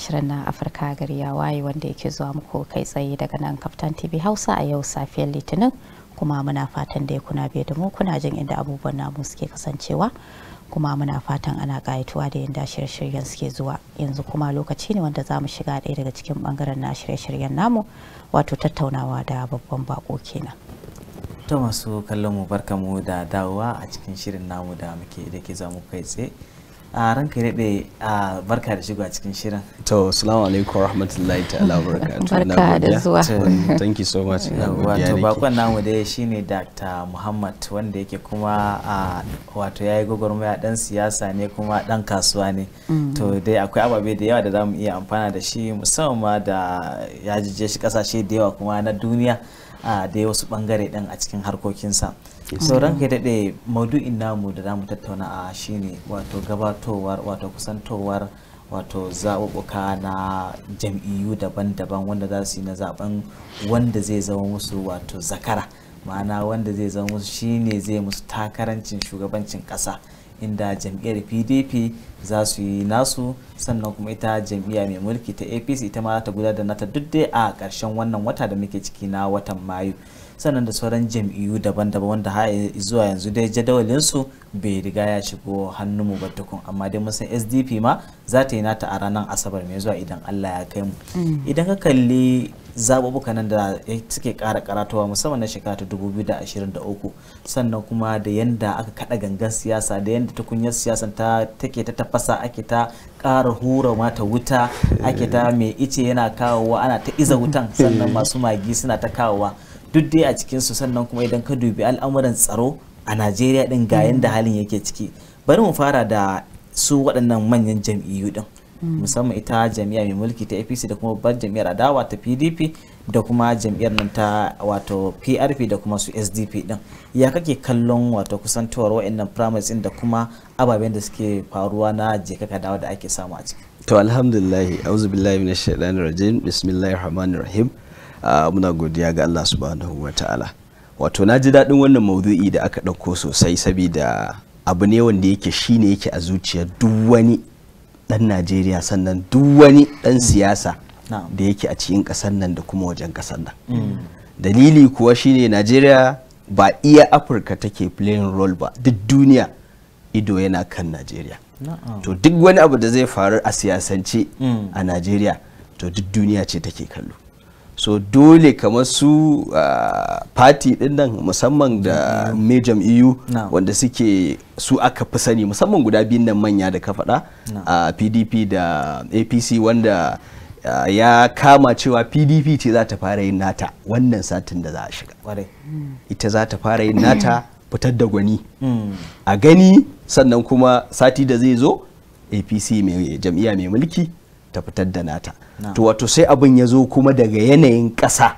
shirin na afirka gari ya waye wanda yake zuwa muku kai tsaye daga nan kaftan tv hausa a yau safiyar litinin kuma muna fatan da ya kuna biye da mu kuna jin inda abubuwan namu suke kasancewa kuma muna fatan ana kayatuwa da yadda shirye-shiryen suke zuwa yanzu kuma lokaci ne wanda za mu shiga ɗaya daga cikin bangaren na shirye-shiryen namu wato tattaunawa da babban bako kenan to masu kallon mu barkamu da dawowa a cikin shirin namu da muke da ke za mu kai tsaye a ranka ya daɗe a barka da shigo a cikin shirin to salamu alaikum rahmatullahi ta'ala barakatu barka da zuwa thank you so much wato bakon namu dai shine dr muhammad wanda yake kuma wato yayi gwagwarmaya dan siyasa ne kuma dan kasuwa ne mm-hmm. to dai akwai ababe da yawa da zamu iya amfana da shi musamman ma da ya shi kasashe da yawa kuma na duniya a dai wasu bangare din a cikin harkokinsa so sauran ka mm-hmm. daɗe maudu'in namu da zamu tattauna a shine wato gabatowar wato kusantowar wato zaɓuɓɓuka na jam'iyyu daban-daban wanda za su yi na zaben wanda zai zama musu wato zakara ma'ana wanda zai zama musu shine zai musu takarancin shugabancin ƙasa inda jam'iyyar pdp za su yi nasu sannan kuma ita jam'iyya mai mulki ta apc ita ma za ta gudanar da nata duk dai a karshen wannan wata da muke ciki na watan mayu sannan da sauran jam'iyyu daban-daban wanda har zuwa yanzu dai jadawalin su bai riga ya shigo mu ba tukun amma dai mun san sdp ma za ta yi nata a ranar asabar mai zuwa idan allah ya kai mu mm. idan ka kalli zaɓuɓɓuka nan da suke ƙara karatowa musamman na shekara ta 2023 sannan kuma da yanda aka kaɗa gangan siyasa da yanda tukunyar siyasan ta take ta tafasa ake ta ƙara hura mata wuta ake ta mai ice yana kawowa ana ta iza wutan sannan masu magi suna ta kawowa duk dai a su sannan kuma idan ka dubi al'amuran tsaro a najeriya din ga yadda mm. halin yake ciki bari mu fara da su waɗannan manyan jam'iyyu din mm. musamman ita jam'iyyar mai mulki ta apc da kuma babbar jam'iyyar adawa ta pdp da kuma jam'iyyar nan ta wato prp da kuma su sdp din ya kake kallon wato kusantowar waɗannan primaries din da kuma ababen da suke faruwa na jekaka dawa da ake samu a ciki to alhamdulillah auzu billahi minash shaitanir rajim bismillahir rahmanir rahim Ah, muna godiya ga Allah subhanahu wa ta'ala wato na ji daɗin wannan maudu'i da aka ɗauko sosai saboda abu ne wanda yake shine yake a zuciyar duk wani ɗan najeriya sannan duk wani ɗan siyasa da yake a cikin ƙasar nan da kuma wajen ƙasar nan mm. dalili kuwa shine najeriya ba iya afirka take playing role ba duk duniya ido yana kan najeriya to duk wani abu da zai faru a siyasance mm. a najeriya to duk duniya ce take kallo so dole kamar su fati ah, din nan musamman da mai mm-hmm. jam'iyyu wanda suke su aka fi sani musamman guda biyun nan manya da ka faɗa uh, ah, pdp da apc wanda Uh, ya kama cewa pdp ce za ta fara yin nata wannan satin da za a shiga ita za ta fara yin nata fitar da gwani mm. a gani sannan kuma sati da zai zo apc mai jam'iyya mai mulki ta fitar da nata to wato sai abin ya zo kuma daga yanayin ƙasa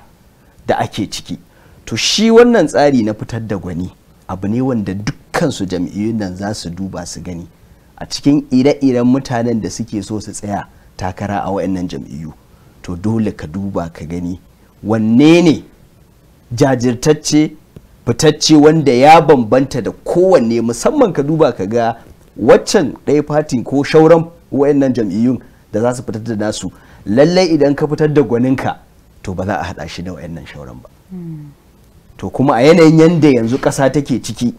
da ake ciki to shi wannan tsari na fitar da gwani abu ne wanda dukkansu jam'iyyun nan za su duba su gani a cikin ire-iren mutanen da suke so su tsaya takara a wayannan jam'iyyu to dole ka duba ka gani wanne ne jajirtacce fitacce wanda ya bambanta da kowanne musamman ka duba ka ga waccan ɗaya fatin ko shauran wayannan jam'iyyun da za su fitar da nasu lallai idan ka fitar da gwaninka to ba za a haɗa shi da wayannan shauran ba to kuma a yanayin yanda yanzu ƙasa take ciki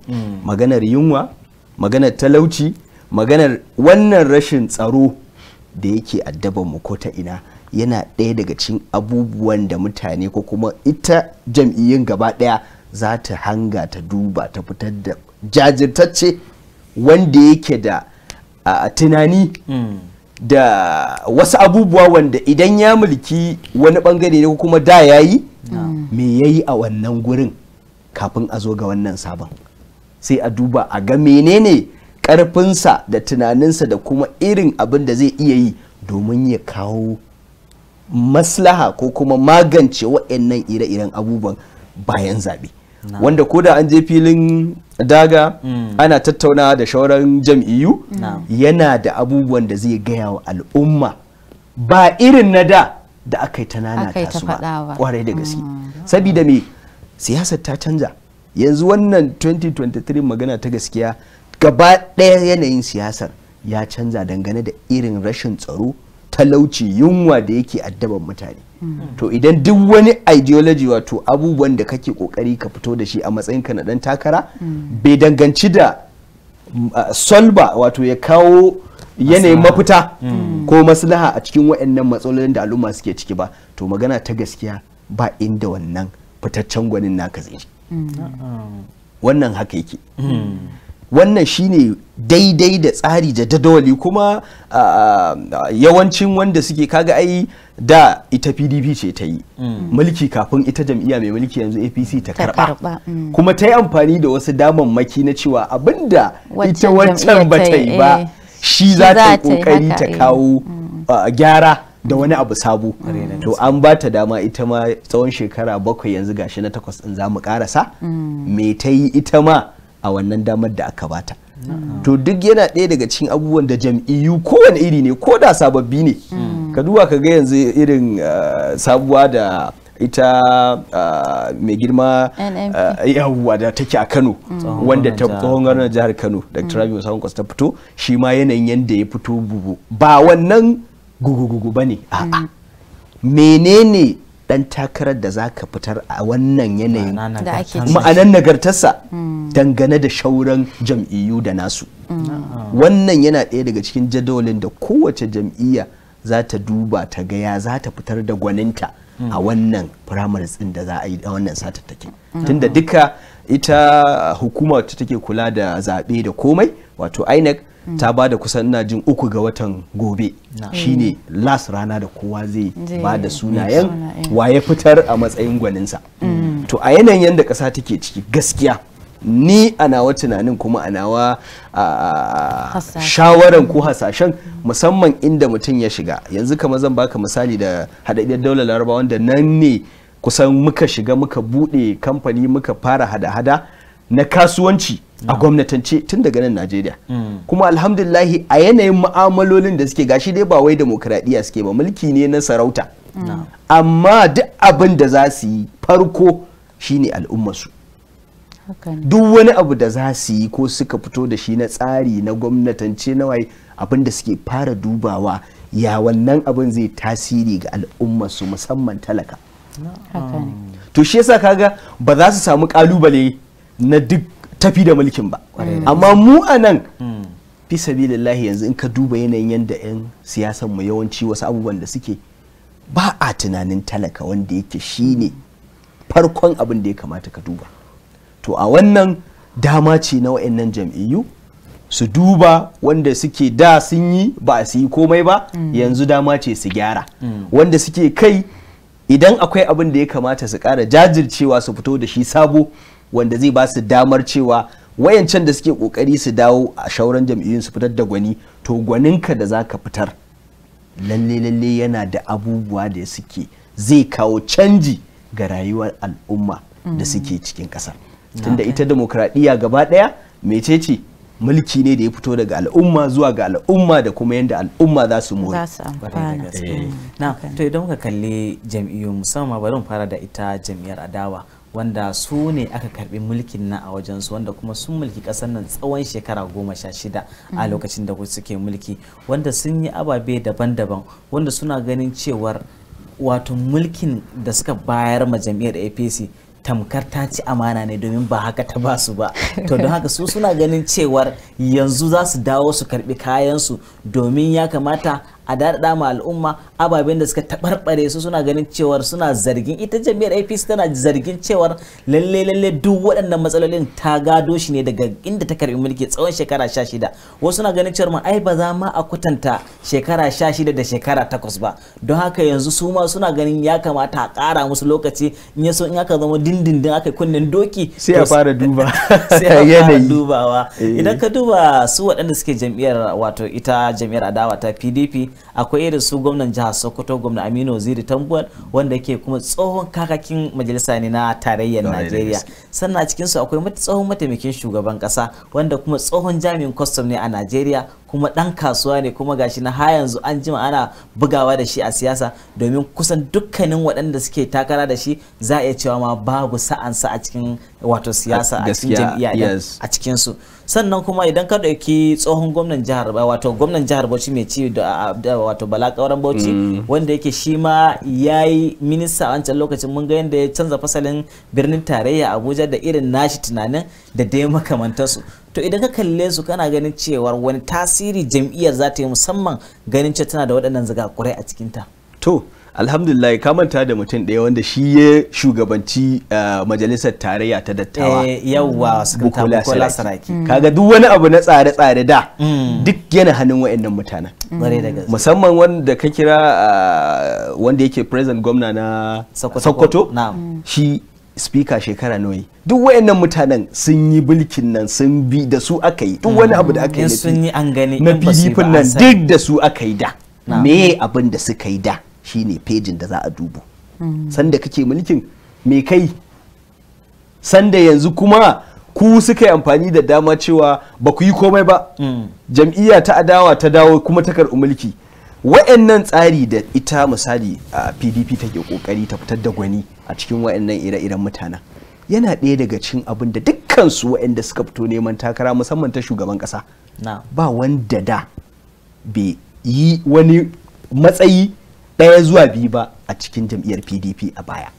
maganar yunwa maganar talauci maganar wannan rashin tsaro da yake addaban mu ko ta ina yana ɗaya daga cikin abubuwan da mutane ko kuma ita jam'iyyun gaba ɗaya za ta hanga ta duba ta fitar da jajirtacce wanda yake da tunani hmm. da wasu abubuwa wanda idan ya mulki wani bangare ne kuma da ya yi me ya yi a wannan gurin kafin a zo ga wannan sabon sai a duba a ga menene karfinsa da tunaninsa da kuma irin abin da zai iya yi domin ya kawo maslaha ko kuma magance wa'annan ire-iren abubuwan bayan zaɓe. wanda koda an je filin daga mm. ana tattauna da shauran jam'iyyu yana da abubuwan da zai gaya wa al'umma ba irin na da da aka yi ta nanata su ba kwarai da gaske mm, sabida me siyasar ta canza yanzu wannan 2023 magana ta gaskiya gaba ɗaya yanayin siyasar ya canza dangane da irin rashin tsaro talauci yunwa da yake addaban mutane hmm. to idan duk wani ideology wato abubuwan da kake kokari ka fito da shi a matsayinka na dan takara hmm. bai danganci da mm, solba wato ya kawo yanayin mafita hmm. ko maslaha a cikin waɗannan matsalolin da al'umma suke ciki ba to magana ta gaskiya ba inda wannan fitaccen gwanin naka zai wannan haka yake wannan shine daidai da tsari da jadawali kuma yawancin wanda suke kaga ai da ita pdp ce ta yi mm. mulki kafin ita jam'iyya mai mulki yanzu apc ta karba mm. kuma ta yi amfani da wasu maki na cewa abinda ita wancan ba ta yi ba eh, shi za ta yi kokari ta eh, kawo mm. gyara da wani abu sabu. to an ba ta dama ita ma tsawon shekara bakwai yanzu gashi na takwas in za mu karasa me ta yi ita ma a wannan damar da aka bata to duk yana ɗaya daga cikin abubuwan da jam'iyyu kowane iri ne ko da sababbi ne ka duba ka ga yanzu irin uh, sabuwa da ita uh, mai girma uh, da take a kano wanda ta tsohon gwamnan jihar kano dr rabi Musa kwas ta fito mm. shi ma yanayin yadda ya fito bubu ba wannan gugu ba ne a'a mm. menene dan takarar da za ka fitar a wannan yanayin ma'anan nagartarsa hmm. dangane da shauran jam'iyyu da nasu hmm. wannan yana ɗaya daga cikin jadawalin da kowace jam'iyya za ta duba ta gaya za ta fitar da gwaninta a hmm. wannan primaries ɗin da za a yi a wannan satattakin tunda duka ita hukuma ta take kula da zaɓe da komai wato inec mm. ta ba da kusan ina jin uku ga watan gobe no. shine mm. last rana da kowa zai ba da sunayen waye fitar a matsayin gwaninsa mm. to a yanayin yadda ƙasa take ciki gaskiya ni a nawa tunanin kuma a nawa shawaran ko hasashen musamman inda mutum ya shiga yanzu kamar zan baka misali da haɗaɗɗiyar daular larabawa wanda nan ne kusan muka shiga muka buɗe kamfani muka fara hada-hada na kasuwanci a gwamnatance tun daga nan Najeriya. Mm. Kuma alhamdulillahi a yanayin ma'amalolin da suke gashi dai ba wai demokradiyya suke ba mulki ne na sarauta. Mm. Amma duk abin da za su yi farko shine al'ummarsu. Duk wani abu da za su yi ko suka fito da shi na tsari na gwamnatance na waye abin da suke fara dubawa ya wannan abin zai tasiri ga al'ummasu musamman talaka. Oh. to shi yasa kaga ba za su samu kalubale na duk tafi da mulkin ba mm. amma mu a nan mm. fi sabilillahi yanzu in ka duba yanayin yadda 'yan siyasan mu yawanci wasu abubuwan da suke ba a tunanin talaka wanda yake shine farkon abin da ya kamata ka duba to a wannan dama ce na wa'annan jam'iyyu su duba wanda suke da sun yi ba su yi komai ba mm. yanzu dama ce su gyara wanda suke kai idan akwai abin da ya kamata su kara jajircewa su fito da shi sabo wanda zai ba su damar cewa wayancan da suke kokari su dawo a shauran jam'iyyun su fitar da gwani to gwaninka da za ka fitar lalle lalle yana da abubuwa da suke zai kawo canji ga rayuwar al'umma da mm. suke cikin ƙasa mm. tunda ita demokradiyya gaba ɗaya mecece mulki ne da ya fito daga al'umma zuwa ga al'umma da kuma yadda al'umma za su mori. Eh. Na, to idan muka kalli jam'iyyu musamman bari mu fara da ita jam'iyyar adawa wanda su ne aka karbi mulkin na a wajensu wanda kuma sun mulki kasar nan tsawon shekara goma sha shida a mm. lokacin da suke mulki wanda sun yi ababe daban-daban wanda suna ganin cewar wato mulkin da suka bayar ma jam'iyyar apc tamkar ta ci amana ne domin ba haka ta basu ba to don haka su suna ganin cewar yanzu za su dawo su karbi su domin ya kamata a daɗaɗa ma al'umma ababen da suka taɓarɓare su suna ganin cewar suna zargin ita jami'ar apc tana zargin cewar lalle lalle duk waɗannan matsalolin ta gado shi ne daga inda ta karɓi mulki tsawon shekara sha shida wasu suna ganin cewar ma ai ba za ma a kwatanta shekara sha shida da shekara takwas ba don haka yanzu su ma suna ganin ya kamata a ƙara musu lokaci in ya so in aka zama dindindin aka kunnen doki sai a fara duba sai a fara dubawa eh. idan ka duba su waɗanda suke jam'iyyar wato ita jam'iyyar adawa ta pdp akwai irin su gwamnan jihar sokoto gwamna aminu ziri tambuwal wanda ke kuma tsohon kakakin majalisa ne na tarayyar najeriya sannan a su akwai tsohon mataimakin shugaban kasa wanda kuma tsohon jami'in kwastam ne a najeriya kuma ɗan kasuwa ne kuma gashi na ha yanzu an jima ana bugawa da shi a siyasa domin kusan dukkanin waɗanda suke takara da shi za a iya cewa ma babu sa'ansa a cikin wato siyasa a cikin jam'iyya a cikin su sannan kuma idan ka ɗauki tsohon gwamnan jihar wato gwamnan jihar Bauchi mai ci da wato Bala Bauchi mm. wanda yake shi ma yayi minista a wancan lokacin mun ga yadda ya canza fasalin birnin tarayya Abuja da irin nashi tunanin da dai makamantarsu. to idan ka kalle su kana ganin cewar wani tasiri jam'iyyar za ta yi musamman ganin cewa tana da waɗannan zagakurai a cikinta to alhamdulillah ka manta da mutum ɗaya wanda shi ya shugabanci eh, majalisar tarayya ta dattawa eh, yawwa bukola saraki mm. kaga duk wani abu na tsare-tsare da mm. duk yana hannun wa'annan mutanen mm. musamman wanda ka kira eh, wanda yake president gwamna na sokoto shi speaker shekara nawa duk wayannan mutanen sun yi bulkin nan sun bi da su aka yi duk wani abu da aka yi sun yi an gani na PDP nan duk da su aka yi da me abin da suka yi da shine pejin da za a dubo hmm. sanda kake mulkin me kai sanda yanzu kuma ku suka yi amfani da dama cewa ba ku yi komai ba hmm. jam'iyya ta adawa ta dawo kuma ta karɓi mulki wa'annan tsari da ita misali a pdp take kokari ta fitar da gwani a cikin wa'annan ire-iren mutanen yana ɗaya daga cikin abin da dukkan su wa'anda suka fito neman takara musamman ta shugaban ƙasa ba wanda da bai yi wani matsayi ɗaya zuwa biyu ba a cikin jam'iyyar pdp a baya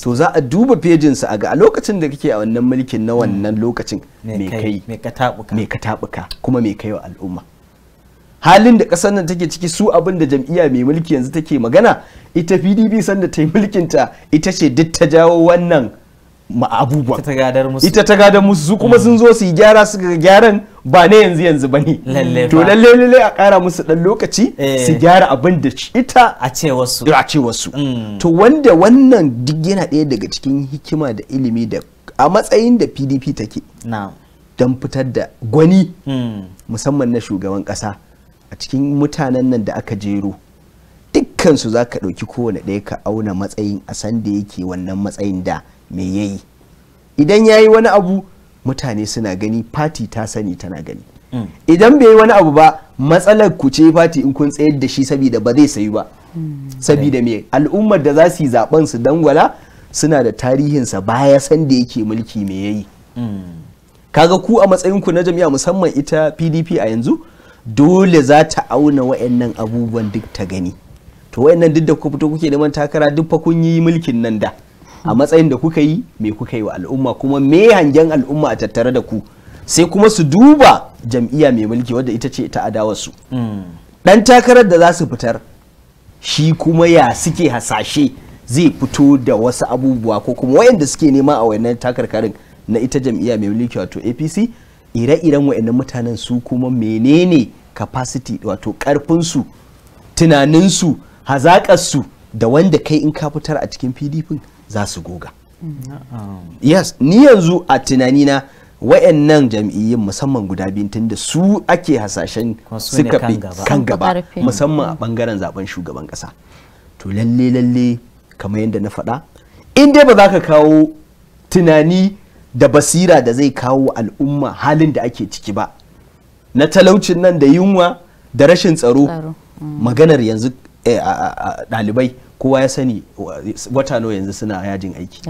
to za a duba pejinsa a ga a lokacin da kake a wannan mulkin na wannan hmm. lokacin mai kai mai katabuka kuma mai kai wa al'umma halin da kasar nan take ciki su abin da jam'iyya mai mulki yanzu take magana ita pdp sanda ta yi mulkinta ita ce duk ta jawo wannan abubuwa ita ta gadar musu su kuma sun mm. zo su yi gyara su ga gyaran ba na yanzu yanzu ba ne to lalle lalle a kara musu dan lokaci eh. su gyara abin da ita a ce wasu a ce wasu mm. to wanda wannan duk yana ɗaya daga cikin hikima da ilimi da a matsayin da pdp take don fitar da gwani mm. musamman na shugaban ƙasa a cikin mutanen nan da aka jero dukkansu za ka ɗauki kowane ɗaya ka auna matsayin a sanda yake wannan matsayin da me ya yi idan ya yi wani abu mutane suna gani fati ta sani tana gani mm. idan bai yi wani abu ba matsalar ku ce fati in kun tsayar da shi saboda ba zai sayi ba mm. saboda me al'ummar da za su yi zaben su dangwala suna da tarihinsa baya sanda yake mulki me ya yi mm. kaga ku a matsayin ku na jami'a musamman ita pdp a yanzu dole za ta auna wa'annan abubuwan duk ta gani to wa'annan duk da ku fito kuke neman takara duk fa kun yi mulkin nan da a matsayin da kuka yi me kuka yi wa al'umma kuma me hangen al'umma a tattare da ku sai kuma su duba jam'iyya mai mulki wadda ita ce ta adawarsu dan mm. takarar da za su fitar shi kuma ya suke hasashe zai fito da wasu abubuwa ko kuma wayanda suke nema a wannan takarkarin na ita jam'iyya mai mulki wato apc ire-iren wa'annan mutanen su kuma menene capacity wato karfinsu tunaninsu hazaƙarsu da wanda kai in ka fitar a cikin pdp za su goga yes ni yanzu a tunanina wa'annan jam'iyyun musamman guda biyun tunda su ake hasashen suka fi kan gaba musamman a bangaren zaben shugaban kasa to lalle lalle kamar yadda na faɗa in dai ba za ka kawo tunani da basira da zai kawo al'umma halin da ake ciki ba na talaucin nan da yunwa da rashin tsaro mm. maganar yanzu eh, ɗalibai kowa ya sani wata nawa yanzu suna yajin aiki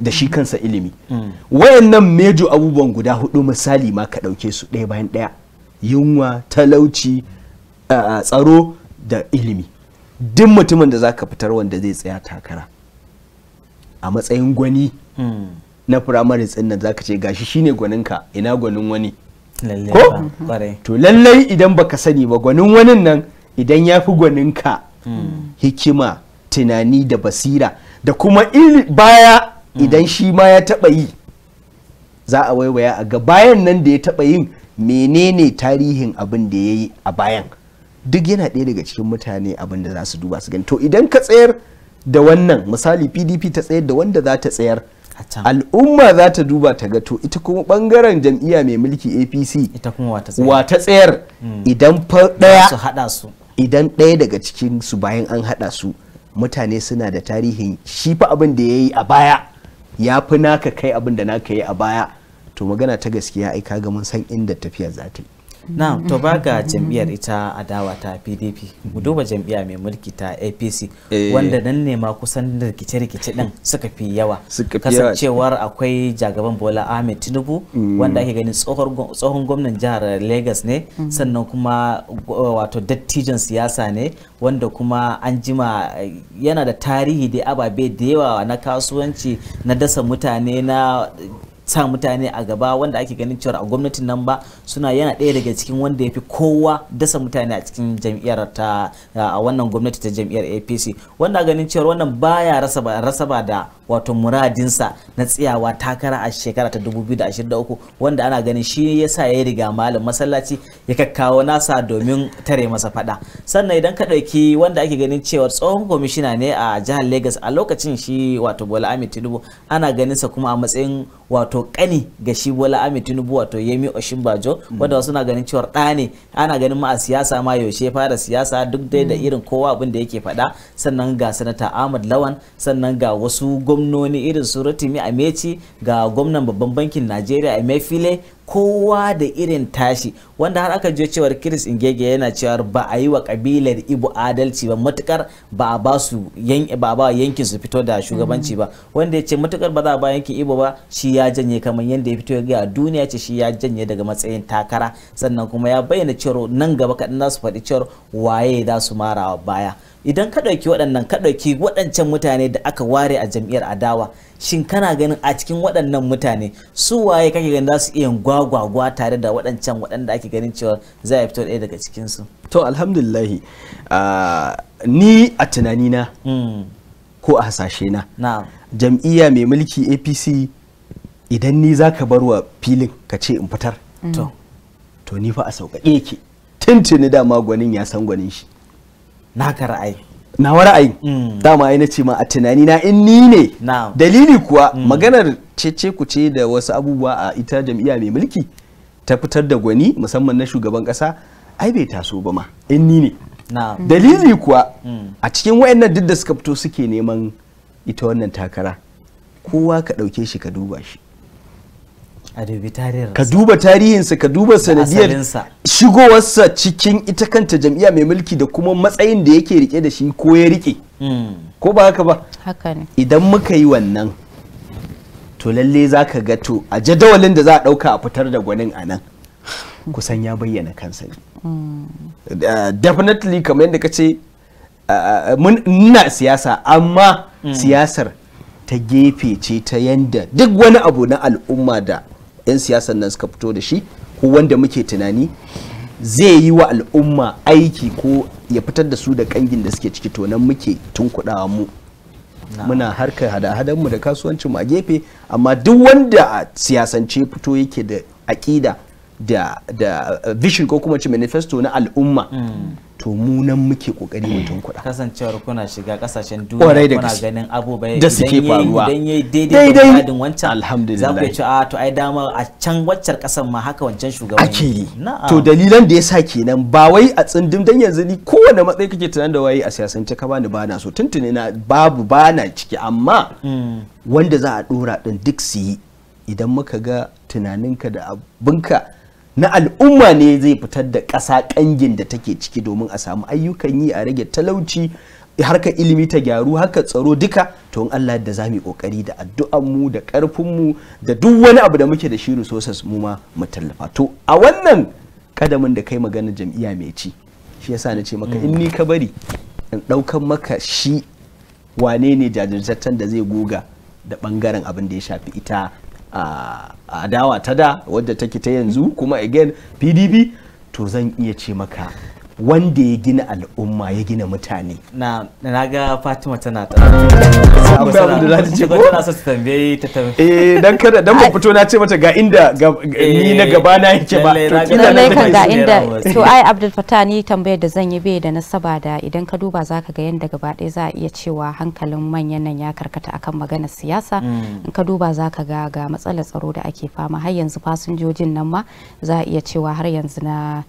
da shi kansa ilimi mm. wayannan mejo abubuwan guda hudu misali ma ka ɗauke su ɗaya bayan ɗaya yunwa talauci tsaro da ilimi duk mutumin da za ka fitar wanda zai tsaya takara a matsayin gwani mm. na firamare tsin nan zaka ce gashi shine gwaninka ina gwanin wani ko to lallai idan baka sani ba gwanin wani nan idan yafi fi ka hmm. hikima tunani da basira da kuma baya hmm. idan shi ma ya taba yi za a waiwaya a ga bayan nan da ya taba yin menene tarihin abin da ya yi a bayan duk yana ɗaya daga cikin mutane abin da za su duba su gani to idan ka tsayar da wannan misali pdp ta tsayar da wanda za ta tsayar al'umma za ta duba ta ga to ita kuma bangaren jam'iyya mai mulki apc wa ta tsayar hmm. idan fa idan daya daga cikin su bayan an hada su mutane suna da tarihin shi fa abin da ya yi a baya ya fi naka kai abin da naka yi a baya to magana ta gaskiya ai kaga mun san inda tafiya za ta yi na to ba ga jam'iyyar ita adawa ta pdp mu duba jam'iyya mai mulki ta apc eh. wanda nan ne ma kusan rikice-rikice din suka fi yawa kasancewar akwai jagaban bola ahmed tinubu mm. wanda ake ganin tsohon gwamnan jihar lagos ne mm. sannan kuma wato dattijan siyasa ne wanda kuma an jima yana da tarihi da ababe da yawa na kasuwanci na dasa mutane na sa mutane a gaba wanda ake ganin cewa a gwamnatin nan ba suna yana ɗaya daga cikin wanda ya fi kowa dasa mutane a cikin jam'iyyar ta a wannan gwamnati ta jam'iyyar apc wanda ganin cewa wannan baya rasa ba da wato muradinsa na tsayawa takara a shekara ta 2023 wanda ana ganin shi ya sa ya riga malam masallaci ya kakkawo nasa domin tare masa fada sannan idan ka ɗauki wanda ake ganin cewa tsohon kwamishina ne a jihar Legas a lokacin shi wato Bola Ahmed Tinubu ana ganin sa kuma a matsayin wato kani ga shi Bola Ahmed Tinubu wato Yemi oshimbajo mm. wanda wasu na ganin cewa ɗa ne ana ganin ma a siyasa ma yaushe fara siyasa duk dai da mm. irin kowa abin da yake faɗa sannan ga sanata Ahmad Lawan sannan ga wasu gwamnoni irin su rotimi a meci ga gwamnan babban bankin najeriya a mefile kowa da irin tashi wanda har aka je cewar Chris Ingege yana cewar ba a yi wa kabilar Ibo adalci ba matukar ba a ba su ba ba yankin su fito da shugabanci mm. ba wanda ya ce matukar ba za a ba yankin Ibo ba shi ya janye kamar yadda ya fito ga duniya ce shi ya janye daga matsayin takara sannan kuma ya bayyana cewar nan gaba kadan za su faɗi cewar waye za su mara baya idan ka ɗauki waɗannan ka ɗauki waɗancan mutane da aka ware a jam'iyyar adawa shin kana ganin a cikin waɗannan mutane su waye kake ganin za su iya gwagwagwa tare da waɗancan waɗanda ake ganin cewa za a fito ɗaya daga cikinsu to alhamdulillahi ni a tunanina hmm. ko a hasashe na jam'iyya mai mulki apc idan ni za ka barwa filin ka ce in fitar mm. to ni fa a sauƙaƙe ke tuntuni dama gwanin ya san gwanin shi naka ra'ayi na ra'ayi mm. dama ai ce ma a tunani na in ni ne dalili kuwa mm. maganar cece ku ce da wasu abubuwa a ita jam'iyya mai mulki ta fitar da gwani musamman na shugaban kasa ai bai taso ba ma in ni ne dalili kuwa mm. a cikin wayannan duk da suka fito suke neman ita wannan takara kowa ka ɗauke shi ka duba shi ka duba tarihinsa ka duba sanadiyar shigowarsa cikin ita kanta jam'iyya mai mulki da kuma matsayin da yake rike da shi ko ya rike hmm. ko ba haka ba idan muka yi wannan to lalle za ka ga to a jadawalin da za a ɗauka a fitar da gwanin a nan kusan ya bayyana kansa ne hmm. uh, definitely kamar yadda ka ce uh, uh, muna siyasa amma hmm. siyasar ta gefe ce ta yanda duk wani abu na al'umma da 'yan siyasan nan suka fito da shi ko wanda muke tunani zai yi wa al'umma aiki ko ya fitar da su da kangin da suke ciki to nan muke tunkuɗawa mu muna harkar hada-hadan mu da kasuwancin mu a gefe amma duk wanda a siyasance fito yake da aƙida da uh, vision ko kuma ce manifesto na al'umma mm. to mu nan muke kokari mutum kuɗa kasancewar kuna shiga kasashen duniya kuna ganin abubuwa da suke faruwa idan yayi daidai da gadin wancan alhamdulillah za ce a to ai dama a can waccar kasan ma haka wancan shugaban ake yi to dalilan da yasa kenan ba wai a tsindim dan yanzu ni kowane matsayi kake tunan da wai a siyasance ka bani bana so tuntuni na babu bana ciki amma mm. wanda za a dora din duk su idan muka ga tunaninka da abinka na al'umma ne zai fitar da ƙasa ƙangin da take ciki domin a samu ayyukan yi a rage talauci harka ilimi ta gyaru harka tsaro duka to in Allah da za mu yi kokari da addu'an mu da karfin mu da duk wani abu da muke da shi resources mu ma mu tallafa to a wannan kadamin da kai magana jam'iyya mai ci shi yasa na ce maka in ni ka bari in ɗaukan maka shi wane ne jajirtaccen da zai goga da bangaren abin da ya shafi ita adawa ta da wadda take ta yanzu kuma again pdp to zan iya ce maka wanda ya gina al'umma ya gina mutane na ga fatima tana kun ba abin da za ta ce ko tana so ta tambaye ta tambaye eh dan kada dan ba fito na ce mata ga inda ni na gaba na yake ba to kila na kan ga inda to ai Abdul Fattah ni tambayar da zan yi bai da nasaba da idan ka duba zaka ga yanda gaba ɗaya za a iya cewa hankalin manyan nan ya karkata akan maganar siyasa hmm. in ka duba zaka ga ga matsalar tsaro da ake fama har yanzu fasinjojin nan ma za a iya cewa har yanzu na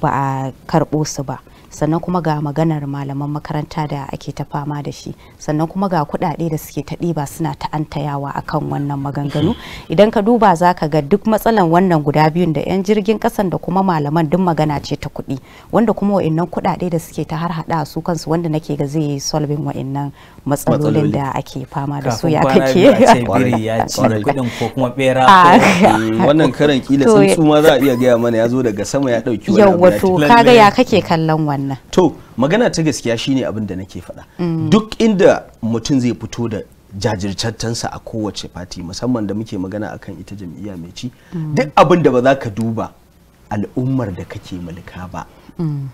ba a karɓo su ba. sannan kuma ga maganar malaman makaranta da ake ta fama da shi sannan kuma ga kuɗaɗe da suke ta ɗiba suna ta'antayawa akan wannan maganganu idan ka duba za ka ga duk matsalan wannan guda biyun da 'yan jirgin ƙasan da kuma malaman duk magana ce ta kuɗi wanda kuma wa'innan kuɗaɗe da suke ta har haɗa su kansu wanda nake ga zai yi solving wa'innan matsalolin da ake fama da su ya kake eh, wannan karan kila sun ma za a iya gaya mana ya zo daga sama ya ɗauki wannan wato kaga ya kake kallon wannan wannan to magana ta gaskiya shine abin da nake faɗa duk inda mutum zai fito da jajirtattansa a kowace fati musamman da muke magana akan ita jam'iyya mai ci duk abin da ba za ka duba al'ummar da kake mulka ba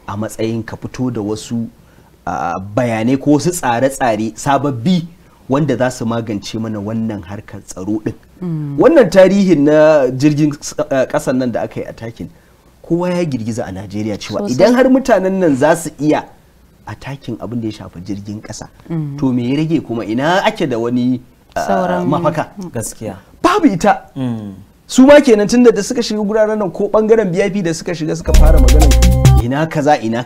a matsayin ka fito da wasu bayanai ko wasu tsare-tsare sababbi wanda za su magance mana wannan harkar tsaro din wannan tarihin na jirgin ƙasan nan da aka yi a takin kowa ya girgiza a najeriya cewa idan har mutanen nan za su iya a takin abin da ya shafi jirgin kasa mm. to me ya rage kuma ina ake da wani uh, mafaka gaskiya babu ita mm. su ma kenan tunda da suka shiga guraren nan ko bangaren vip da suka shiga suka fara magana ina kaza ina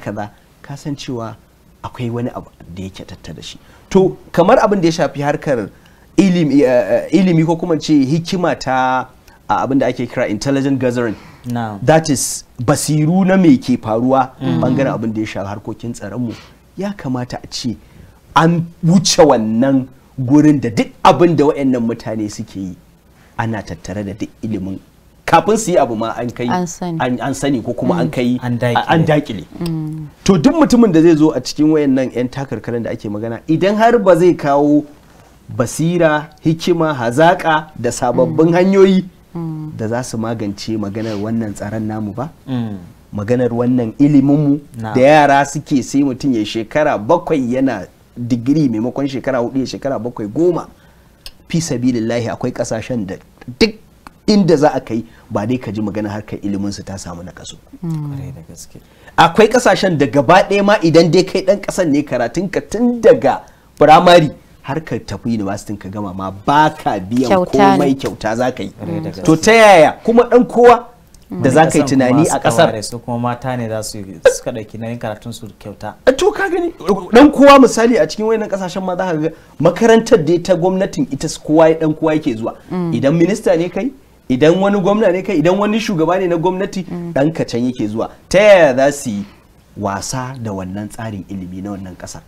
kaza cewa akwai wani abu da yake tattara shi to kamar abin da ya shafi harkar ilimi uh, uh, ko kuma ce hikima ta abin da ake kira intelligent gathering that is basiru na me ke faruwa mm. bangaren abin da ya shafi harkokin tsaronmu ya kamata a ce an wuce wannan gurin da duk abin da waɗannan mutane suke yi ana tattare da duk ilimin kafin su yi abu ma an kai an sani ko kuma an mm. kai an dakile mm. to duk mutumin da zai zo a cikin wayannan 'yan takarkaran da ake magana idan har ba zai kawo basira hikima hazaka da sababbin hanyoyi da za su magance maganar wannan tsaron namu ba mm. maganar wannan iliminmu da yara suke sai mutum ya shekara bakwai yana digiri maimakon shekara hudu ya shekara bakwai goma fi sabilillahi akwai kasashen da duk inda za a kai ba dai ka ji magana harkar ilimin su ta samu na kaso mm. akwai kasashen da gaba ɗaya ma idan dai kai ɗan ƙasan ne karatun ka tun daga firamare har ka tafi university ka gama ma ba ka biyan komai kyauta za ka yi mm. to ta yaya kuma dan kowa mm. da za ka yi tunani a kasar su kuma mata ne za su suka dauki nauyin karatun su kyauta to ka gani dan kowa misali a cikin wayannan kasashen ma za ka ga makarantar da ta gwamnatin ita kowa dan kowa yake zuwa mm. idan minista ne kai idan wani gwamna ne kai idan wani shugaba ne na gwamnati dan ka can yake zuwa ta yaya za su yi wasa da wannan tsarin ilimi na wannan kasar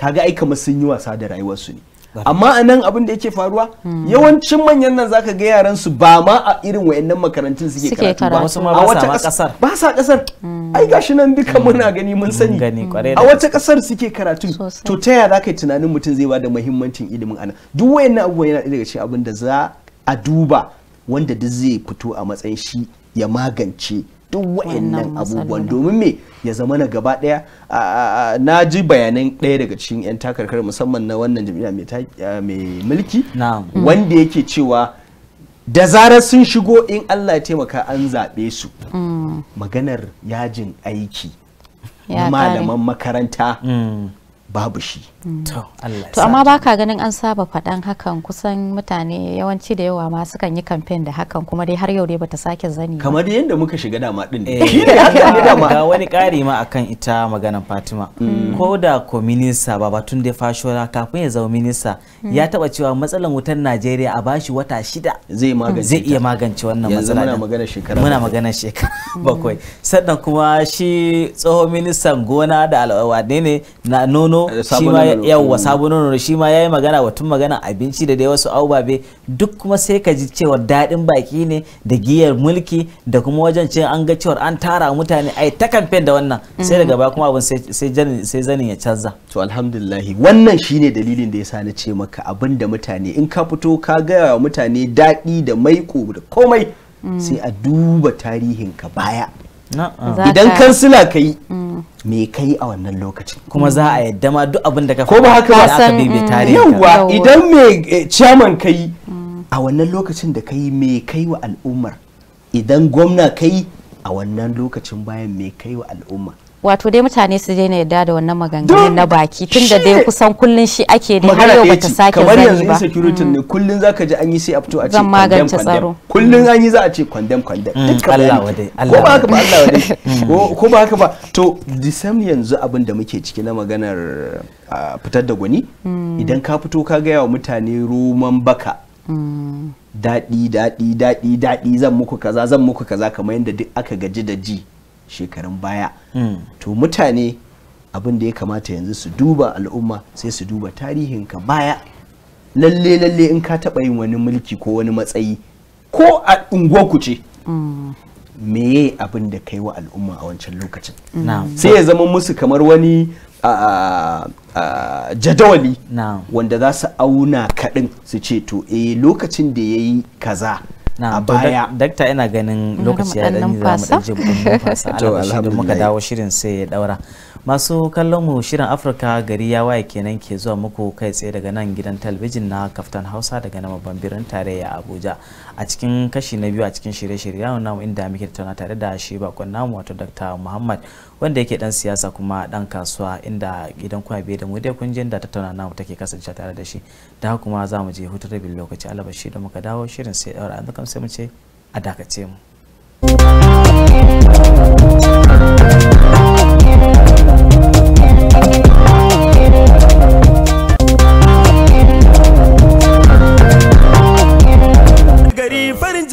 kaga ai kamar sun yi wasa da rayuwarsu ne amma a abin da yake faruwa hmm. yawancin manyan nan zaka ga yaran su ba ma a irin wayannan makarantun suke karatu ba wasu ma ba sa kasar ba sa kasar hmm. ai gashi nan duka hmm. muna gani mun sani a wata kasar suke karatu to ta ya zaka yi tunanin mutum zai bada muhimmancin ilimin anan duk wayannan abubuwa yana daga cikin abin da za a duba wanda duk zai fito a matsayin shi ya magance duk wa'annan abubuwan domin me ya zama na gaba daya na ji bayanan daya daga cikin 'yan takarkar musamman na wannan jami'a mai mulki mm. wanda yake cewa da zarar sun shigo in Allah ya taimaka an zaɓe su mm. maganar yajin aiki malaman makaranta mm. babu shi to amma baka ganin an saba faɗan hakan kusan mutane yawanci da yawa ma sukan yi kamfen da hakan kuma dai har yau dai bata sake zani kamar yadda muka shiga dama din ne eh, ga wani ƙari ma akan ita maganan Fatima mm. ko da ko minista ba batun da fashora kafin ya zama minista mm. ya taba cewa matsalan wutar Najeriya a bashi wata shida zai magance zai iya magance wannan matsala muna magana shekara muna magana shekara mm. bakwai sannan kuma shi tsohon ministan gona da ne ne na nono nono eh, shi ma yawwa yi mm. nono shi ma yayi magana batun magana abinci da dai wasu aubabe duk kuma sai ka ji cewa daɗin baki ne da giyar mulki da kuma wajen ce an ga cewa an tara mutane ai ta kamfen da wannan sai daga mm. baya kuma abin sai zanin ya canza to alhamdulillah wannan shine dalilin da yasa na ce maka abin da mutane in ka fito ka gaya wa mutane daɗi da maiko da komai mm. sai a duba tarihin ka baya idan kansila ka yi me kai a wannan lokacin kuma hmm. za a yadda ma duk abin da ka ko ba haka ba aka hmm. tare idan me eh, chairman kai hmm. a wannan lokacin da kai me kai wa al'ummar idan gwamna kai a wannan lokacin bayan me kai wa al'umma wato dai mutane su daina yadda da wannan maganganun na baki tun da dai kusan kullun shi ake da har yau bata sake zani ba kamar yanzu insecurity ne mm. kullun zaka ji an yi sai a fito a ce magance tsaro kullun mm. an yi za a ce condemn condemn mm, Allah wadai ko ba haka ba Allah wadai ko ba haka ba to the same yanzu abin da muke ciki na maganar fitar da gwani idan ka fito ka ga wa mutane roman baka daɗi daɗi daɗi daɗi zan muku kaza zan muku kaza kamar yadda duk aka gaji da ji shekarun baya hmm. to mutane abin da ya kamata yanzu su duba al'umma sai su duba tarihin ka baya lalle lalle in ka taɓa yin wani mulki ko wani matsayi ko a ku ce hmm. meye abin da kai wa al'umma a wancan lokacin hmm. sai ya zama musu kamar wani jadawali wanda za su auna kaɗin su ce to eh lokacin da ya yi kaza na baya dakta ina ganin lokaci ya dan za da dan je fasa to alhamdulillah muka dawo shirin sai ya daura masu kallon mu shirin afirka gari ya waye kenan ke zuwa muku kai tsaye daga nan gidan talabijin na kaftan hausa daga nan babban birnin tarayya abuja a cikin kashi na biyu a cikin shirye-shirye namu inda muke tattauna tare da shi bakon namu wato dr muhammad wanda yake dan siyasa kuma dan kasuwa inda gidan kuma biyu da mu dai kun da tattauna namu take kasance tare da shi da kuma za mu je hutu rabin lokaci alabashi da muka dawo shirin sai daura an sai mu ce a dakace mu.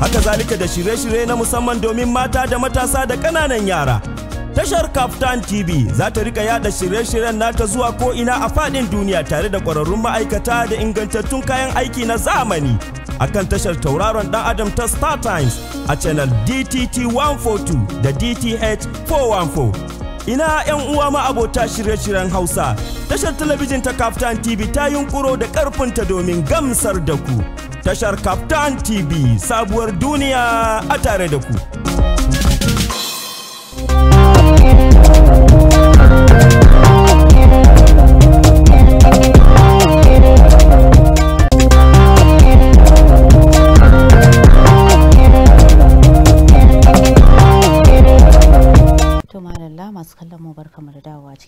haka zalika da shirye-shirye na musamman domin mata da matasa da kananan yara. Tashar Kaftan TV za ta rika yada shirye-shiryen nata zuwa ko ina a fadin duniya tare da ƙwararrun ma'aikata da ingantattun kayan aiki na zamani. Akan tashar tauraron ɗan Adam ta Star Times a channel DTT 142 da DTH 414. Ina 'yan uwa ma abota shirye-shiryen Hausa, tashar talabijin ta Kaftan TV ta yunkuro da ƙarfinta domin gamsar da ku. tashar Captain TV sabuwar duniya a tare da ku.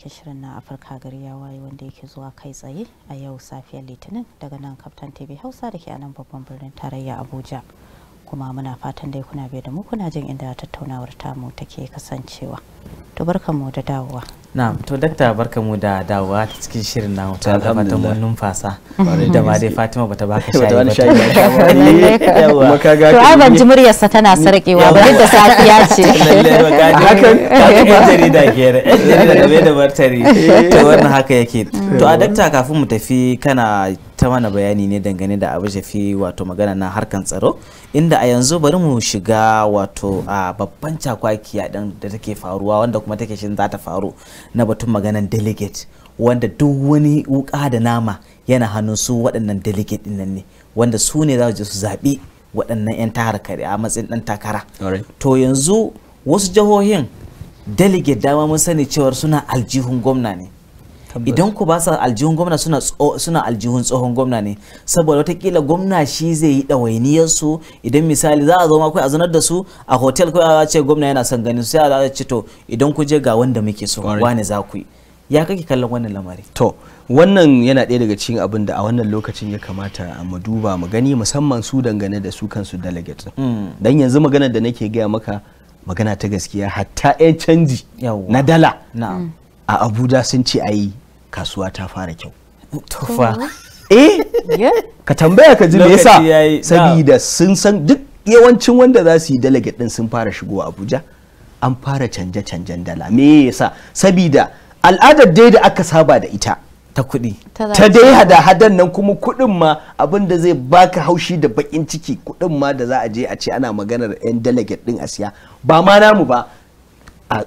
cikin shirin na afirka gari ya waye wanda yake zuwa kai tsaye a yau safiyar litinin daga nan kaftan tv hausa da ke a nan babban birnin tarayya abuja kuma muna fatan dai kuna biyar da mu kuna jin inda tattaunawar tamu take kasancewa to mu da dawowa na'am to dakta mu da dawowa ta cikin shirin na wata fatan mun numfasa da ma dai Fatima bata baka shayi ba yawa to ai ban ji muryar sa tana sarkewa ba da safiya ce hakan ta jarida kera jarida da da martari to wannan haka yake to a dakta kafin mu tafi kana ta mana bayani ne dangane da abu shafi wato magana na harkan tsaro inda a yanzu bari mu shiga wato a babban cakwaki cakwakiya da take faruwa faruwa wanda kuma take shin za ta faru na batun maganan delegate wanda duk wani wuka da nama yana hannun su waɗannan delegate ɗin ne wanda su ne za su je su zaɓi waɗannan 'yan tahar kare a matsayin ɗan takara to yanzu wasu jihohin delegate dama mun sani cewar suna aljihun gwamna ne idan ku ba sa aljihun gwamna suna suna aljihun tsohon gwamna ne saboda watakila gwamna shi zai yi ɗawainiyar su idan misali za a zo ma a zanar da su a hotel kai a ce gwamna yana son ganin su sai a ce to idan ku je ga wanda muke so wane za ku yi ya kake kallon wannan lamari to wannan yana ɗaya daga cikin abin da a wannan lokacin ya kamata mu duba mu gani musamman su dangane da su kansu delegates hmm. dan yanzu magana da nake gaya maka magana ta gaskiya hatta 'yan canji na dala a abuja sun ce a yi kasuwa ta fara kyau tufa eh ka tambaya ka ji me yasa saboda sun san duk yawancin wanda za su yi delegate din sun fara shigo Abuja an fara canje-canjen dala me yasa saboda al'adar dai da aka saba da ita ta kuɗi ta dai hada hadan nan kuma kuɗin ma abin da zai baka haushi da bakin ciki kuɗin ma da za a je a ce ana maganar yan delegate din asiya ba ma namu ba a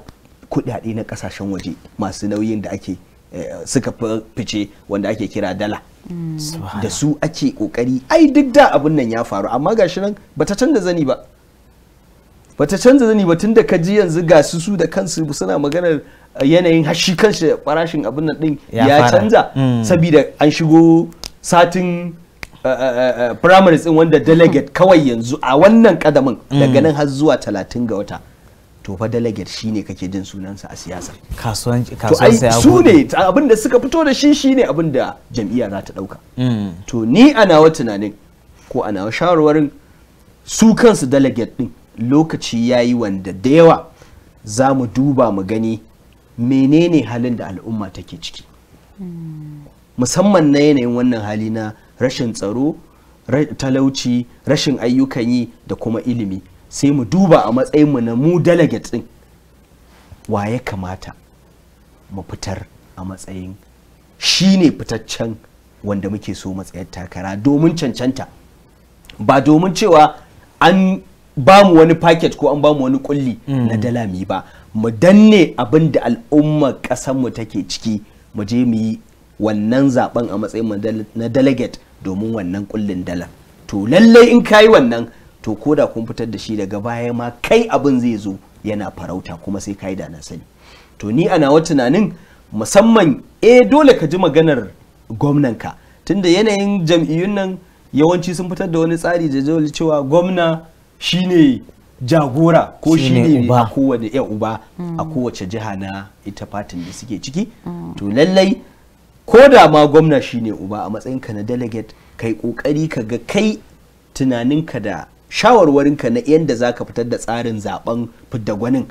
kuɗaɗe na ƙasashen waje masu nauyin da ake Eh, suka fice wanda ake kira dala hmm. da su ake kokari ai duk da abin nan ya faru amma gashi nan bata canza zani ba bata canza zani ba tunda ka ji yanzu ga su su da kansu suna maganar eh, yanayin hashi kanshi farashin abin nan din ya canza hmm. saboda an shigo satin eh, primaries din wanda delegate kawai yanzu a wannan kadamin daga hmm. nan har zuwa 30 ga wata to fa delegate shine kake jin sunansa a siyasa kasuwanci kasuwanci su ne abin da suka fito da shi shine abin da jam'iyya za ta dauka mm. to ni a nawa tunanin ko a nawa shawarwarin su kansu delegate ɗin lokaci yayi wanda da yawa za mu duba mu gani menene halin da al'umma take ciki mm. musamman na yanayin wannan hali na rashin tsaro talauci rashin ayyukan yi da kuma ilimi sai mu duba a matsayin mu na mu delegates ɗin. wa ya kamata mu fitar a matsayin shi ne fitaccen wanda muke so matsayar takara domin cancanta ba domin cewa an ba mu wani paket ko an ba mu wani kulli mm. na dala mi ba mu danne abin da al'ummar mu take ciki mu je mu yi wannan zaben a matsayin na delegate domin wannan kullin dala to lallai in kayi wannan to ko da kun fitar da shi daga baya ma kai abin zai zo yana farauta kuma sai kai da na sani to ni a nawa tunanin musamman eh dole ka ji maganar gwamnanka tunda yanayin jam'iyyun nan yawanci sun fitar da wani tsari da zai cewa gwamna shine jagora ko shine a kowane ya eh, uba a mm. kowace jiha na ita fatin da suke ciki mm. to lallai ko da ma gwamna shine uba a matsayinka na delegate kai kokari ka ga kai tunaninka da shawarwarinka na yadda za ka fitar da tsarin zaben fidda gwanin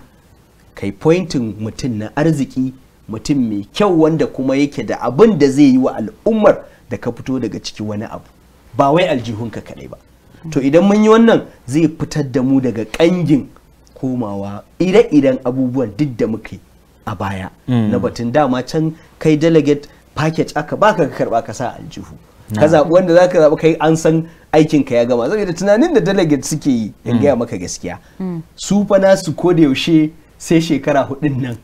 kai pointin mutum na arziki mutum mai kyau wanda kuma yake da abin da zai yi wa al'ummar da ka fito daga ciki wani abu ba wai aljihunka kaɗai ba to idan mun yi wannan zai fitar da mu daga ƙangin komawa ire-iren abubuwan duk da muke a baya mm. na batun dama can kai delegate package aka baka ka karba ka sa aljihu ka zaɓi wanda zaka zaɓi kai an san aikin ka ya gama saboda tunanin da delegate suke yi in hmm. gaya maka gaskiya hmm. su fa nasu ko da yaushe sai shekara hudun nan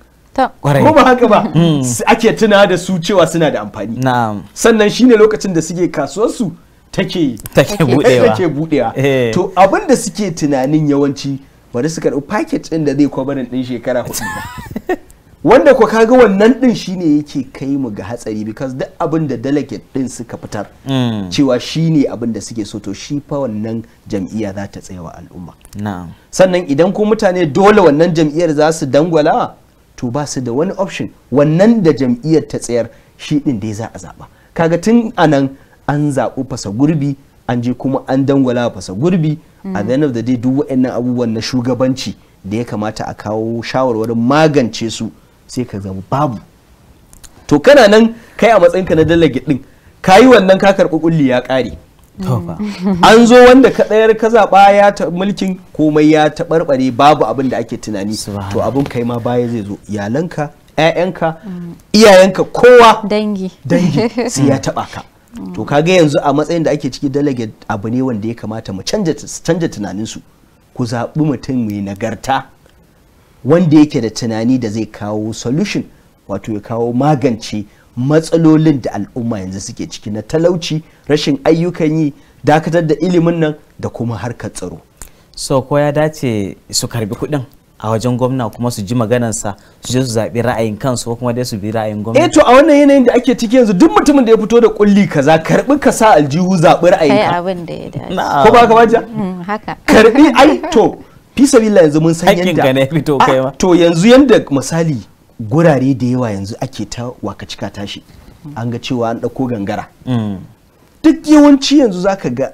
ko ba haka ba hmm. ake tuna da su cewa suna da amfani sannan shine lokacin da suke kasuwarsu take take budewa eh. to abin da suke tunanin yawanci bari su karbi paket din da zai kwabarin din shekara hudu wanda ku kaga wannan din shine yake kai mu ga hatsari because duk abin da delegate din suka fitar mm. cewa shine abin da suke so to shi fa wannan jam'iyya za ta tsaya wa al'umma sannan idan ko mutane dole wannan jam'iyyar za su dangwala to ba su da wani option wannan da jam'iyyar ta tsayar shi din dai za a zaba kaga tun anan an zaɓi fasa gurbi an je kuma an dangwala fasa gurbi mm. a the end of the day duk waɗannan abubuwan na shugabanci da ya kamata a kawo shawarwarin magance su sai ka zama babu to kana nan kai a matsayinka na dalage din ka yi wannan ka karɓi kulli ya ƙare an zo wanda ka ɗayar ka zaɓa ya ta mulkin komai ya taɓarɓare babu abin da ake tunani to abin kai ma baya zai zo iyalanka 'ya'yanka iyayenka kowa dangi dangi sai ya taɓa ka to kaga yanzu a matsayin da ake ciki dalage abu ne wanda ya kamata mu canja tunaninsu ku zaɓi mutum mai nagarta wanda yake da tunani da zai kawo solution wato ya kawo magance matsalolin da al'umma yanzu suke ciki na talauci rashin ayyukan yi dakatar da ilimin nan da kuma harkar tsaro so ko ya dace su karbi kuɗin a wajen gwamna kuma su ji maganarsa su je su zaɓi ra'ayin kansu ko kuma dai su bi ra'ayin gwamna. Eh to a wannan yanayin da ake ciki yanzu duk mutumin da ya fito da kulli kaza karbi ka sa aljihu zaɓi ra'ayin ka. Kai abin da ya dace. Ko ba ka baja? Haka. Mm, karbi ai to fi sabila yanzu mun san yanda ne fito ah, kai ma to yanzu yanda misali gurare da yawa yanzu ake ta cika tashi an ga cewa an ɗauko gangara mm. duk yawanci yanzu zaka ga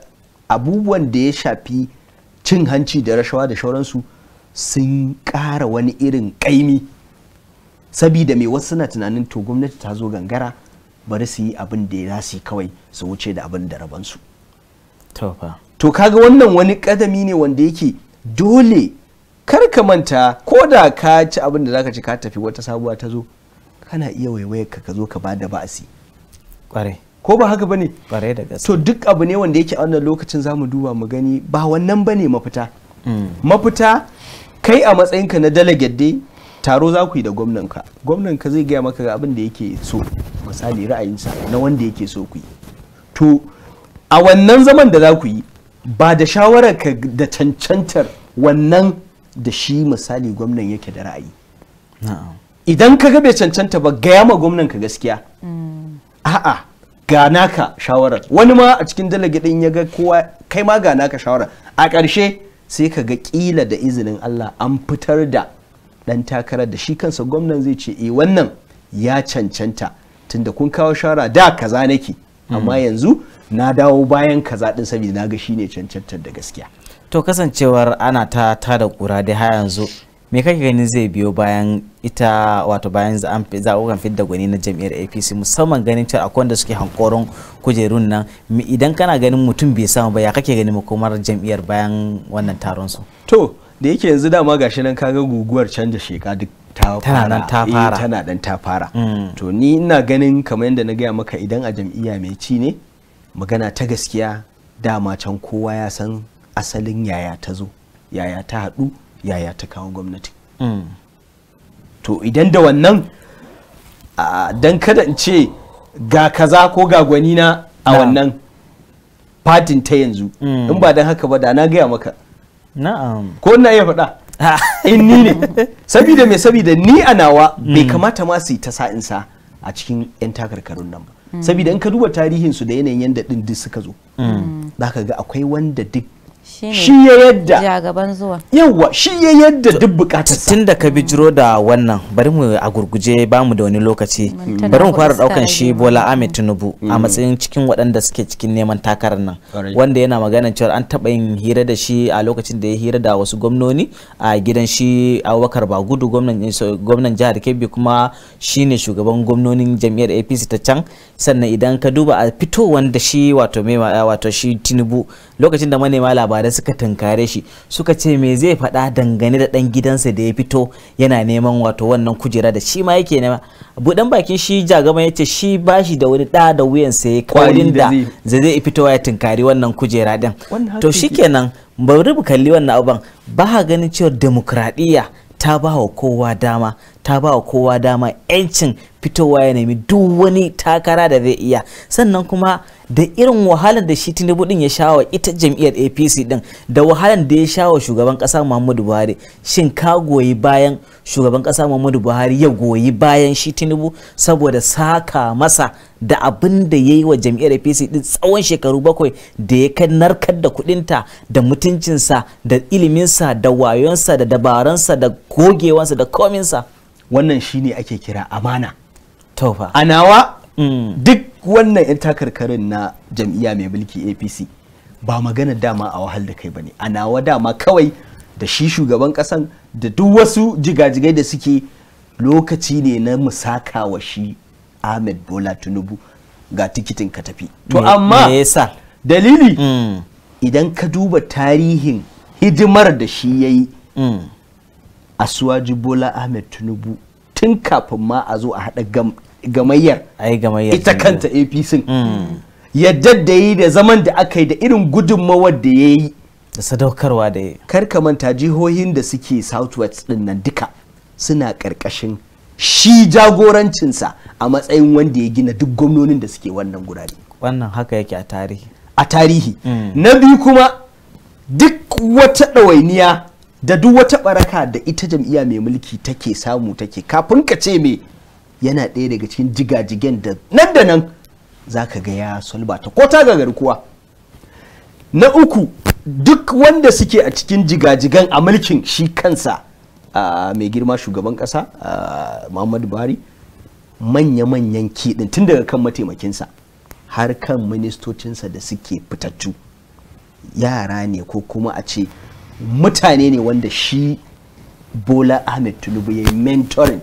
abubuwan da ya shafi cin hanci da rashawa da shauransu sun ƙara wani irin kaimi. sabida mai wasu na tunanin to gwamnati ta zo gangara bari su yi abin da za su kawai su wuce da abin da rabansu to kaga wannan wani ƙadami ne wanda yake dole kar ka manta ko da ka ci abin da zaka ci ka tafi wata sabuwa ta zo kana iya waiwayar ka zo ka ba da ba'asi kware ko ba haka bane kware da gaske to duk abu ne wanda yake a wannan lokacin zamu duba mu gani ba wannan bane mafita mm. mafita kai a matsayin ka na delegate dai taro za ku yi da gwamnanka gwamnanka zai gaya maka ga abin da yake so misali ra'ayinsa na wanda yake so ku yi to a wannan zaman da za ku yi ba da shawarar ka da cancantar wannan da shi misali gwamnan yake da ra'ayi idan ka ga bai cancanta ba gaya ma gwamnan ka gaskiya mm. a'a ga naka shawarar wani ma a cikin dalage din ya ga kowa kai ma ga naka shawara a ƙarshe sai ka ga ƙila da izinin Allah an fitar da ɗan takarar da shi kansa gwamnan zai ce e wannan ya cancanta tunda kun kawo shawara da kaza nake amma hmm. yanzu na dawo bayan kaza din saboda na ga ne cancantar da gaskiya to kasancewar ana ta tada kura dai har yanzu me kake ganin zai biyo bayan ita wato bayan za kan fidda gwani na jami'ar apc musamman ganin cewa akwai wanda suke hankoron kujerun nan idan kana ganin mutum bai samu ba ya kake ganin makomar jam'iyyar bayan wannan taron su to da yake yanzu dama gashi nan kaga guguwar canja sheka duk ta fara eh, tana dan ta fara mm. to ni ina ganin kamar yadda na gaya maka idan a jam'iyya mai ci ne magana ta gaskiya dama can kowa ya san asalin yaya ta zo yaya ta haɗu yaya ta kawo gwamnati mm. to idan da wannan dan kada in ce ga kaza ko ga gwani na a wannan fatin ta yanzu mm. in ba don haka ba da na gaya maka na'am ko na iya faɗa in ni ne sabida me sabida ni a nawa bai mm. kamata ma su yi ta sa'insa a cikin 'yan takarkarun nan ba sabida in ka duba tarihin su da yanayin yadda din duk suka zo mm. za ka ga akwai wanda duk shi ya yadda gaban zuwa yawa shi ya yadda duk bukatar tun da ka bijiro da wannan bari mu a gurguje ba mu da wani lokaci bari mu fara daukan shi Bola Ahmed Tinubu a mm. matsayin cikin waɗanda suke cikin neman takarar nan wanda yana magana cewa an taɓa yin hira da shi a lokacin da ya hira da wasu gwamnoni a gidan shi Abubakar Bagudu gwamnan eh, gwamnan jihar Kebbi kuma shine shugaban gwamnonin jam'iyyar APC ta can sannan idan ka duba a fitowar da shi wato wato shi Tinubu lokacin da manema labarai labarai suka tunkare shi suka ce me zai faɗa dangane da ɗan gidansa da ya fito yana neman wato wannan kujera da shi ma yake nema buɗan bakin shi jagaban ya shi bashi da wani ɗa da wuyansa ya kawalin da zai zai fitowa ya tunkari wannan kujera ɗin to shikenan ba mu kalli wannan abin ba ganin cewa demokradiyya ta ba wa kowa dama ta ba wa kowa dama 'yancin fitowa ya nemi duk wani takara da zai iya sannan kuma da irin wahalar da shi tinubu din ya shawa ita jam'iyyar apc din da wahalar da ya shawa shugaban kasa muhammadu buhari shin ka goyi bayan shugaban kasa muhammadu buhari ya goyi bayan shi tinubu saboda saka masa da abin da ya yi wa jam'iyyar apc din tsawon shekaru bakwai da ya kan narkar da kudinta da mutuncinsa da iliminsa da wayonsa da dabaransa da gogewansa da kominsa wannan shine ake kira amana tofa a nawa mm. duk wannan 'yan takarkarin na jam'iyya mai mulki apc ba magana dama a wahal da kai bane a nawa dama kawai da shi shugaban kasan da duk wasu jigajigai da suke lokaci ne na musaka wa shi ahmed bola tinubu ga tikitin ka tafi to amma dalili mm. idan ka duba tarihin hidimar da shi ya yi mm. asuwaji bola ahmed tinubu tun kafin ma a zo a haɗa gamayyar ita kanta apc hmm. yadda da yi da zaman da aka yi da irin gudunmawar da ya yi da sadaukarwa da ya kar ka manta jihohin da suke southwest din nan duka suna ƙarƙashin shi jagorancinsa a matsayin wanda ya gina duk gwamnonin da suke wannan gurare wannan haka yake a tarihi a tarihi hmm. na biyu kuma duk wata ɗawainiya da duk wata baraka da ita jam'iyya mai mulki take samu take kafin ka ce me yana ɗaya daga cikin jigajigen da nan da nan za ka ga ya sulbata ko ta gagar kuwa na uku duk wanda suke a cikin jigajigan a mulkin shi kansa mai girma shugaban kasa muhammadu buhari manya-manyan kiɗin tun daga kan mataimakinsa har kan ministocinsa da suke fitattu yara ne ko kuma a ce mutane ne wanda shi bola ahmed tinubu ya yi mentoring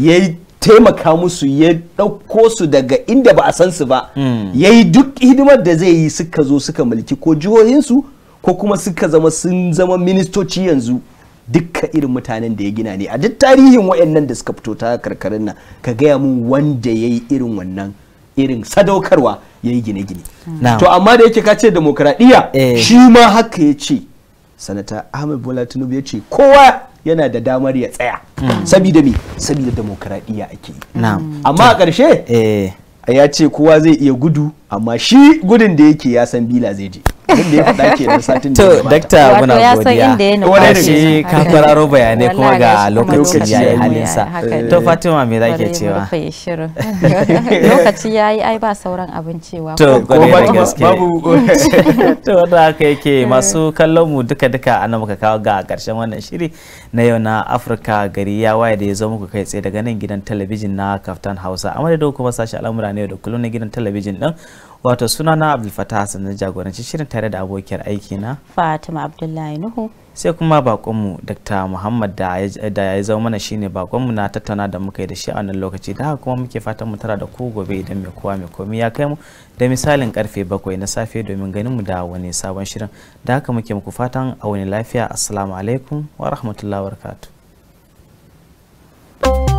ya taimaka musu ya ɗauko su daga inda ba a san su ba hmm. ya yi duk hidimar da zai yi suka zo suka mulki ko jihohinsu ko kuma suka zama sun zama ministoci yanzu dukkan irin mutanen da ya gina ne a duk tarihin wayannan da suka fito ta karkarin nan ka gaya mun wanda ya yi irin wannan irin sadaukarwa ya yi gine-gine to amma da yake ka ce demokradiyya eh. shi ma haka ya ce sanata ahmed bola tinubu ya ce kowa yana da damar ya tsaya sabida me sabida demokradiyya ake amma a ƙarshe eh. ya ce kowa zai iya gudu amma shi gudun da yake ya san bila zai je abin da ya faɗa ke nan satin to dakta muna godiya wani shi ka kwararo bayanai kuma ga lokaci ya yi halinsa eh. to fatima me za ke cewa lokaci ya yi ai ba sauran abin cewa to kwarai da gaske to wanda haka yake eh. masu kallon mu duka duka ana muka kawo ga karshen wannan shiri na yau na afirka gari ya waye da ya zo muku kai tsaye daga nan gidan talabijin na kaftan hausa a madadin kuma sashi al'amura ne da kullum na gidan talabijin din wato sunana abdul fatah hassan na jagoranci shirin tare da abokiyar aiki na fatima abdullahi nuhu sai kuma bakonmu dr muhammad da ya zama mana shine bakonmu na tattauna da muka yi da shi a wannan lokaci da kuma muke fatan mu tara da ku gobe idan mai kowa mai komi ya kai mu da misalin karfe bakwai na safe domin ganin mu da wani sabon shirin da haka muke muku fatan a wani lafiya assalamu alaikum wa rahmatullahi wa barakatuh